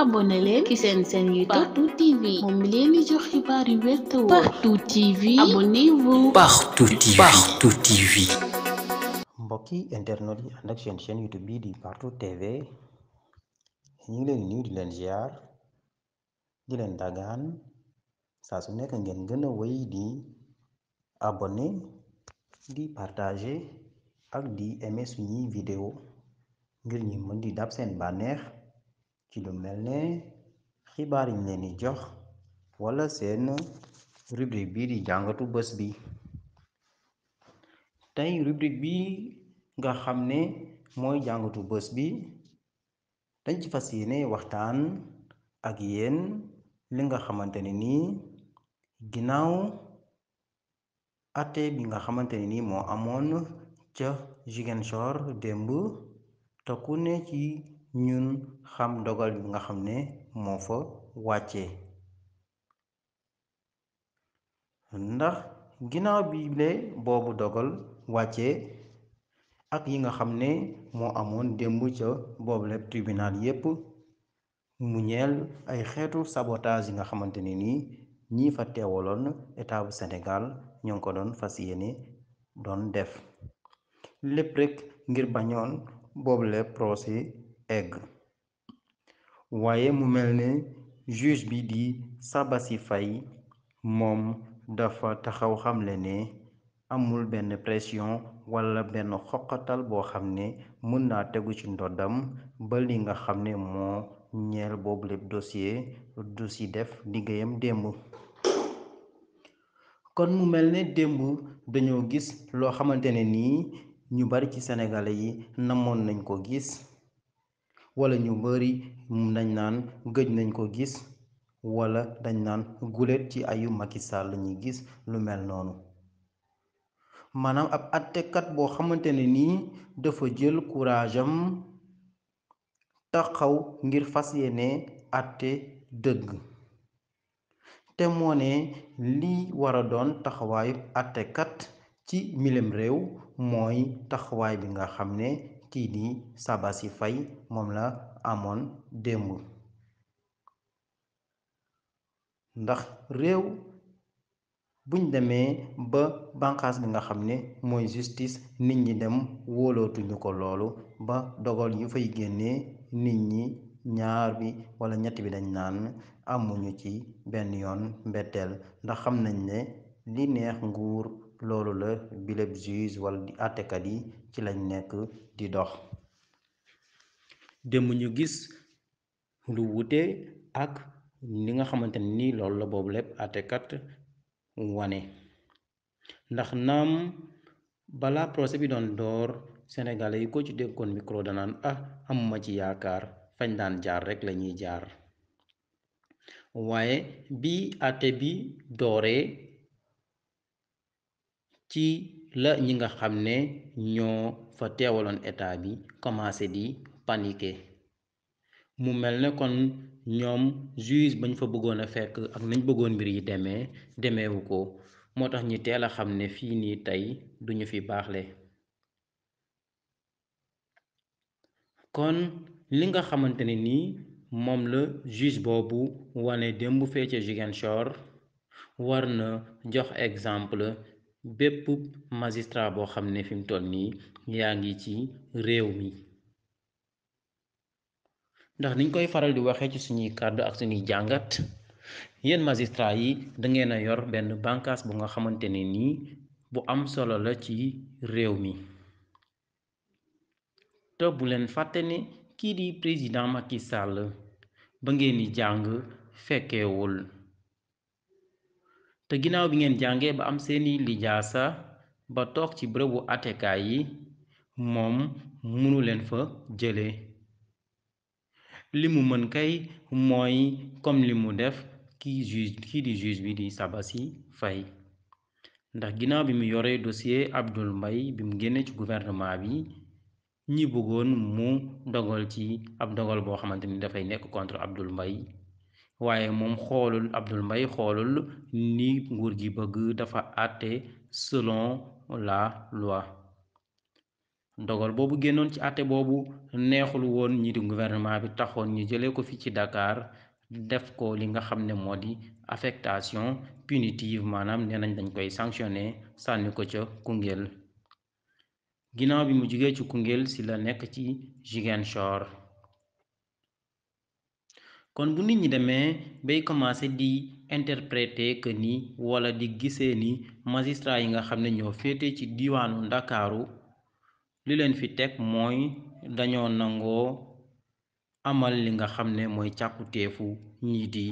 abonné leen ci seen seen YouTube Partout moom leen di jox xibaar yu wér Partout TV abonnez-vous Partout internet yi ànd ak seen chaîne YouTube di Partout TV ñu ngi leen nuyu di leen ziar di leen dagaan saa su nekk ngeen gën a wéy di abonné di partager ak di aimer suñuy vidéo ngir ñu mën di dab seen bànneex ci lu mel ne xibaar yiñ leen di jox wala seen rubrique bii di jàngatu bés bi tey rubrique bi nga xam ne mooy jàngatu bés bi dañ ci fas ne waxtaan ak yeen li nga xamante ne nii ginnaaw atte bi nga xamante ne nii moo amoon ca Ziguinchor démb te ci ñun xam dogal bi nga xam ne moo fa wàcce ndax ginnaaw bi le boobu dogal wàcce ak yi nga xam ne moo amoon démb ca boobu le tribunal yépp mu ñeel ay xeetu sabotage yi nga xamante ni nii ñii fa teewaloon état bu Sénégal ñoo ngi ko doon fas yéene doon def lépp rek ngir bañoon boobu le procès waaye mu mel ne juge bi di Sabassy fay moom dafa taxaw xamle ne amul benn pression wala benn xoqatal boo xam ne mën naa tegu ci ndoddam ba li nga xam ne moo ñeel boobu lépp dossier du si def liggéeyam démb kon mu mel ne démb dañoo gis loo xamante ne nii ñu bari ci sénégalais yi namoon nañ ko gis wala ñu bari dañ naan gëj nañ ko gis wala dañ naan guléet ci ayu Macky lañuy gis lu mel noonu maanaam ab attekat boo xamante ne nii dafa jël courage taxaw ngir fas yéene atte dëgg te moo ne lii war a doon taxawaayu attekat ci milem réew mooy taxawaay bi nga xam ne kii di Sabassy Faye moom la amoon démb ndax réew buñ demee ba bànqaas bi nga xam ne mooy justice nit ñi dem wóolootuñu ko loolu ba dogal yu fay génnee nit ñi ñaar bi wala ñett bi dañ naan amuñu ci benn yoon mbetteel ndax xam nañ ne li neex nguur loolu la bileb juge wala di àttekat yi ci lañ nekk di dox démb ñu gis lu wute ak li nga xamante ni loolu la boobu lépp àttekat wane ndax naam balaa procès bi doon door sénégalais yi ko ci déggoon mikro danaan ah amuma ci yaakaar fañ daan jaar rek lañuy jaar waaye bi àtte bi dooree ci la ñi nga xam ne ñoo fa teewaloon état bi commencé di paniquer mu mel ne kon ñoom juge bañ fa bëggoon a fekk ak nañ bëggoon mbir yi demee demeewu ko moo tax ñi teel a xam ne fii nii tey duñu fi baaxle kon li nga xamante ne nii moom la juge boobu wane démb fee ca Ziguinchor war na jox exemple bépp magistrat boo xam ne fi mu toll nii yaa ngi ci réew mi ndax niñ koy faral di waxee ci suñuy kàddu ak suñuy jàngat yéen magistrat yi dangeen a yor benn banqaas bu nga xamante ne nii bu am solo la ci réew mi te leen fàtte ne kii di président Macky sàll ba ngeen di jàng fekkewul te ginnaaw bi ngeen jàngee ba am seeni lijaasa ba toog ci bërëbu atekaay yi moom munu leen fa jële li mu mën kay mooy comme li mu def kii juge kii di juge bi di Sabassy Faye ndax ginnaaw bi mu yoree dossier Abdoul mbay bi mu génnee ci gouvernement bi ñi bëggoon mu dogal ci ab dogal boo xamante ni dafay nekk contre Abdoul Mbaye waaye moom xoolul Abdoul Mbaye xoolul ni nguur gi bëgg dafa àtte selon la loi dogal boobu génnoon ci àtte boobu neexul woon ñi di gouvernement bi taxoon ñu jëlee ko fi ci Dakar def ko li nga xam ne moo di affectation punitive maanaam nee nañ dañ koy sanctionné sànni ko ca Koungheul ginnaaw bi mu jugee ci Koungheul ci la nekk ci Ziguinchor kon bu nit ñi demee bay commencé di interpréter que ni wala di gisee ni magistrat yi nga xam ne ñoo féete ci diwaanu ndakaaru li leen fi teg mooy dañoo nangoo amal li nga xam ne mooy càkkutéefu ñi di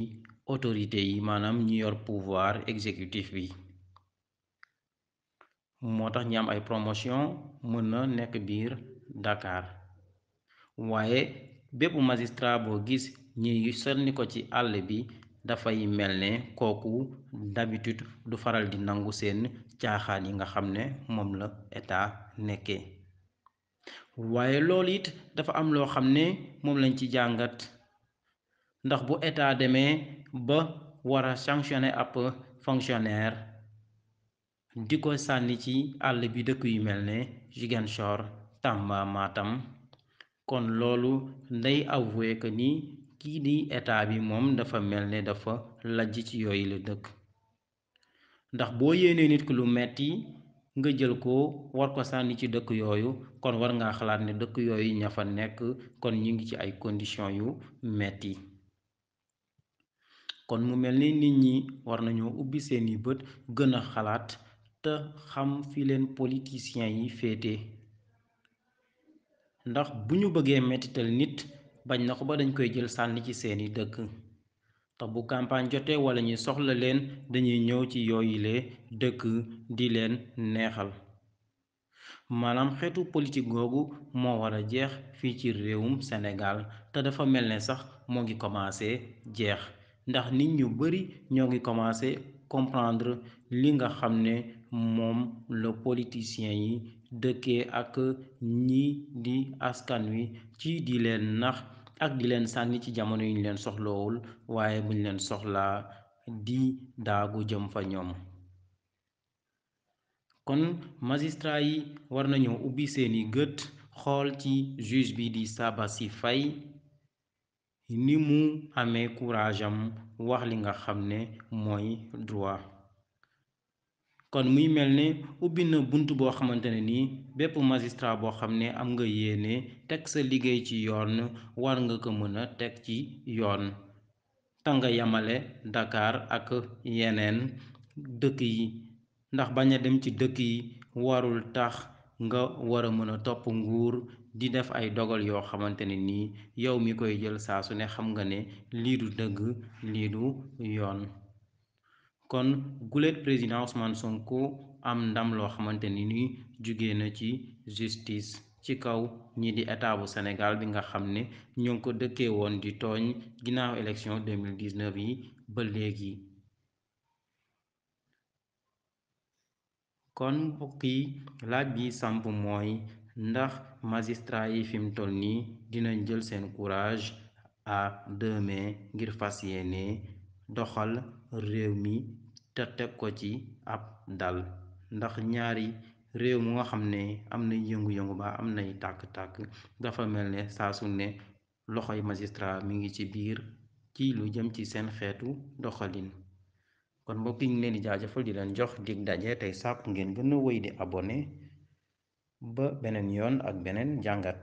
autorité yi maanaam ñi yor pouvoir exécutif bi moo tax ñi am ay promotion mën na nekk biir Dakar waaye bépp magistrat boo gis ñi sànni ko ci àll bi dafay mel ne kooku d'habitude du faral di nangu seen caaxaan yi nga xam ne moom la état nekke waaye loolu it dafa am loo xam ne moom lañ ci jàngat ndax bu état demee ba wara a sanctionner ab fonctionnaire di ko sànni ci àll bi dëkk yu mel ne Ziguinchor Tamba Matam kon loolu nday avoué que ni kii di état bi moom dafa mel ne dafa lajj ci yooyu la dëkk ndax boo yéenee nit ku lu metti nga jël ko war ko sànni ci dëkk yooyu kon war ngaa xalaat ne dëkk yooyu ña fa nekk kon ñu ngi ci ay conditions yu metti kon mu mel ni nit ñi war nañoo ubbi seeni bët gën a xalaat te xam fi leen politiciens yi féete ndax bu ñu bëggee mettital nit bañ na ko ba dañ koy jël sànni ci seeni dëkk te bu campagne jotee wala ñu soxla leen dañuy ñëw ci yooyule dëkk di leen neexal maanaam xeetu politique googu moo war a jeex fii ci réewum Sénégal te dafa mel ne sax moo ngi commencé jeex ndax nit ñu bari ñoo ngi commencé comprendre li nga xam ne moom la politicien yi dëkkee ak ñi di askan wi ci di leen nax ak di leen sànni ci jamono yu ñu leen soxlawul waaye buñ leen soxlaa di daagu jëm fa ñoom kon magistrat yi war nañoo ubbi seeni gët xool ci juge bi di si Faye ni mu amee courage wax li nga xam ne mooy droit kon muy mel ne ubbi na bunt boo xamante ne nii bépp magistrat boo xam ne am nga yéene teg sa liggéey ci yoon war nga ko mën a teg ci yoon te nga yamale ak yeneen dëkk yi ndax bañ a dem ci dëkk yi warul tax nga war a mën a topp nguur di def ay dogal yoo xamante ne nii yow mi koy jël saa su ne xam nga ne lii du dëgg lii du yoon kon gulet président Ousmane Sonko am ndam loo xamante ni ni jugee na ci justice ci kaw ñi di état bu Sénégal bi nga xam ne ñoo ngi ko dëkkee woon di tooñ ginnaaw élection 2019 yi ba léegi kon mbokk yi laaj bi samp mooy ndax magistrat yi fi mu toll nii dinañ jël seen courage à deux mains ngir fas yéene doxal réew mi te teg ko ci ab dal ndax ñaari réew mu nga xam ne am nay yëngu-yëngu ba am nay tàkk-tàkk dafa mel ne saa su ne loxoy magistrat mi ngi ci biir ci lu jëm ci seen xeetu doxalin kon mbokk yi ñu leen di jaajëfal di leen jox dig daje tey sàkku ngeen gën a wéy di abone ba beneen yoon ak beneen jàngat